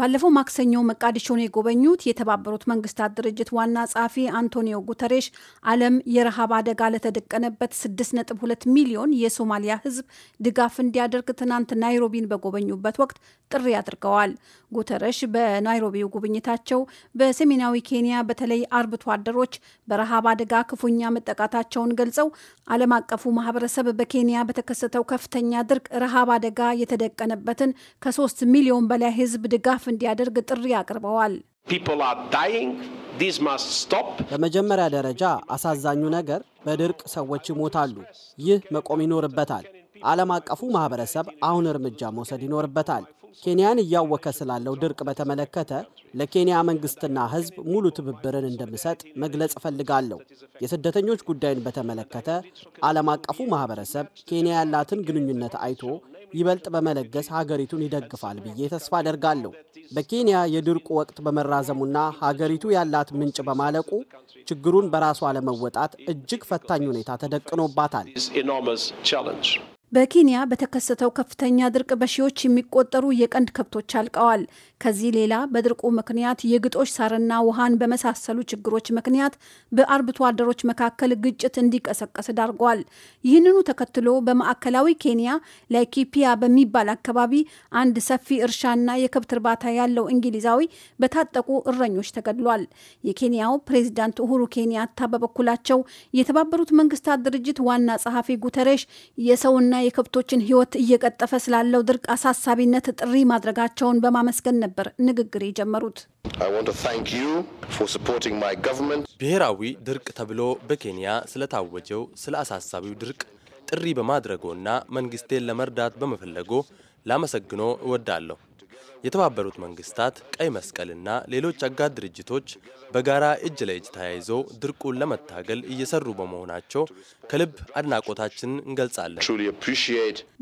ባለፈው ማክሰኞ መቃዲሾን የጎበኙት የተባበሩት መንግስታት ድርጅት ዋና ጸሐፊ አንቶኒዮ ጉተሬሽ ዓለም የረሃብ አደጋ ለተደቀነበት 6.2 ሚሊዮን የሶማሊያ ሕዝብ ድጋፍ እንዲያደርግ ትናንት ናይሮቢን በጎበኙበት ወቅት ጥሪ አድርገዋል። ጉተረሽ በናይሮቢው ጉብኝታቸው በሰሜናዊ ኬንያ በተለይ አርብቶ አደሮች በረሃብ አደጋ ክፉኛ መጠቃታቸውን ገልጸው ዓለም አቀፉ ማህበረሰብ በኬንያ በተከሰተው ከፍተኛ ድርቅ ረሃብ አደጋ የተደቀነበትን ከ3 ሚሊዮን በላይ ሕዝብ ድጋፍ እንዲያደርግ ጥሪ አቅርበዋል። በመጀመሪያ ደረጃ አሳዛኙ ነገር በድርቅ ሰዎች ይሞታሉ። ይህ መቆም ይኖርበታል። ዓለም አቀፉ ማህበረሰብ አሁን እርምጃ መውሰድ ይኖርበታል። ኬንያን እያወከ ስላለው ድርቅ በተመለከተ ለኬንያ መንግስትና ሕዝብ ሙሉ ትብብርን እንደምሰጥ መግለጽ እፈልጋለሁ። የስደተኞች ጉዳይን በተመለከተ ዓለም አቀፉ ማህበረሰብ ኬንያ ያላትን ግንኙነት አይቶ ይበልጥ በመለገስ ሀገሪቱን ይደግፋል ብዬ ተስፋ አደርጋለሁ። በኬንያ የድርቁ ወቅት በመራዘሙና ሀገሪቱ ያላት ምንጭ በማለቁ ችግሩን በራሷ ለመወጣት እጅግ ፈታኝ ሁኔታ ተደቅኖባታል። በኬንያ በተከሰተው ከፍተኛ ድርቅ በሺዎች የሚቆጠሩ የቀንድ ከብቶች አልቀዋል። ከዚህ ሌላ በድርቁ ምክንያት የግጦሽ ሳርና ውሃን በመሳሰሉ ችግሮች ምክንያት በአርብቶ አደሮች መካከል ግጭት እንዲቀሰቀስ ዳርጓል። ይህንኑ ተከትሎ በማዕከላዊ ኬንያ ላይኪፒያ በሚባል አካባቢ አንድ ሰፊ እርሻና የከብት እርባታ ያለው እንግሊዛዊ በታጠቁ እረኞች ተገድሏል። የኬንያው ፕሬዚዳንት ኡሁሩ ኬንያታ በበኩላቸው የተባበሩት መንግስታት ድርጅት ዋና ጸሐፊ ጉተሬሽ የሰውና የከብቶችን ሕይወት እየቀጠፈ ስላለው ድርቅ አሳሳቢነት ጥሪ ማድረጋቸውን በማመስገን ነበር ንግግር የጀመሩት። ብሔራዊ ድርቅ ተብሎ በኬንያ ስለታወጀው ስለ አሳሳቢው ድርቅ ጥሪ በማድረጎና መንግስቴን ለመርዳት በመፈለጎ ላመሰግኖ እወዳለሁ። የተባበሩት መንግስታት፣ ቀይ መስቀልና ሌሎች አጋር ድርጅቶች በጋራ እጅ ለእጅ ተያይዘው ድርቁን ለመታገል እየሰሩ በመሆናቸው ከልብ አድናቆታችን እንገልጻለን።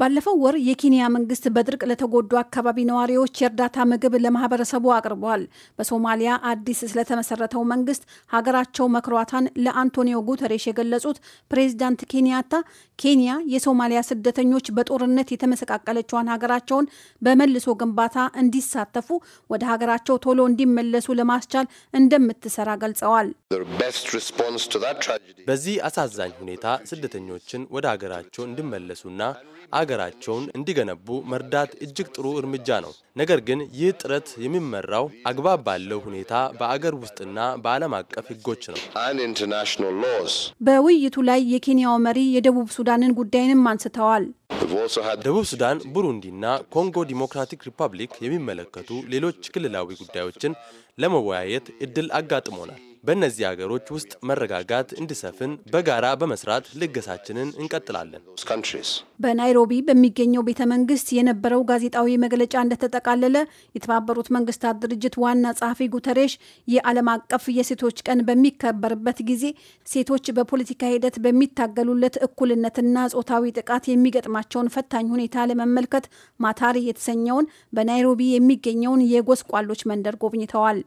ባለፈው ወር የኬንያ መንግስት በድርቅ ለተጎዱ አካባቢ ነዋሪዎች የእርዳታ ምግብ ለማህበረሰቡ አቅርቧል። በሶማሊያ አዲስ ስለተመሰረተው መንግስት ሀገራቸው መክሯታን ለአንቶኒዮ ጉተሬሽ የገለጹት ፕሬዚዳንት ኬንያታ ኬንያ የሶማሊያ ስደተኞች በጦርነት የተመሰቃቀለችዋን ሀገራቸውን በመልሶ ግንባታ እንዲሳተፉ ወደ ሀገራቸው ቶሎ እንዲመለሱ ለማስቻል እንደምትሰራ ገልጸዋል። በዚህ አሳዛኝ ሁኔታ ስደተኞችን ወደ ሀገራቸው እንዲመለሱና አገራቸውን እንዲገነቡ መርዳት እጅግ ጥሩ እርምጃ ነው። ነገር ግን ይህ ጥረት የሚመራው አግባብ ባለው ሁኔታ በአገር ውስጥና በዓለም አቀፍ ሕጎች ነው። በውይይቱ ላይ የኬንያው መሪ የደቡብ ሱዳንን ጉዳይንም አንስተዋል። ደቡብ ሱዳን፣ ቡሩንዲና ኮንጎ ዲሞክራቲክ ሪፐብሊክ የሚመለከቱ ሌሎች ክልላዊ ጉዳዮችን ለመወያየት እድል አጋጥሞናል። በእነዚህ ሀገሮች ውስጥ መረጋጋት እንዲሰፍን በጋራ በመስራት ልገሳችንን እንቀጥላለን። በናይሮቢ በሚገኘው ቤተ መንግስት የነበረው ጋዜጣዊ መግለጫ እንደተጠቃለለ የተባበሩት መንግስታት ድርጅት ዋና ጸሐፊ ጉተሬሽ የዓለም አቀፍ የሴቶች ቀን በሚከበርበት ጊዜ ሴቶች በፖለቲካ ሂደት በሚታገሉለት እኩልነትና ጾታዊ ጥቃት የሚገጥማቸውን ፈታኝ ሁኔታ ለመመልከት ማታሪ የተሰኘውን በናይሮቢ የሚገኘውን የጎስቋሎች መንደር ጎብኝተዋል።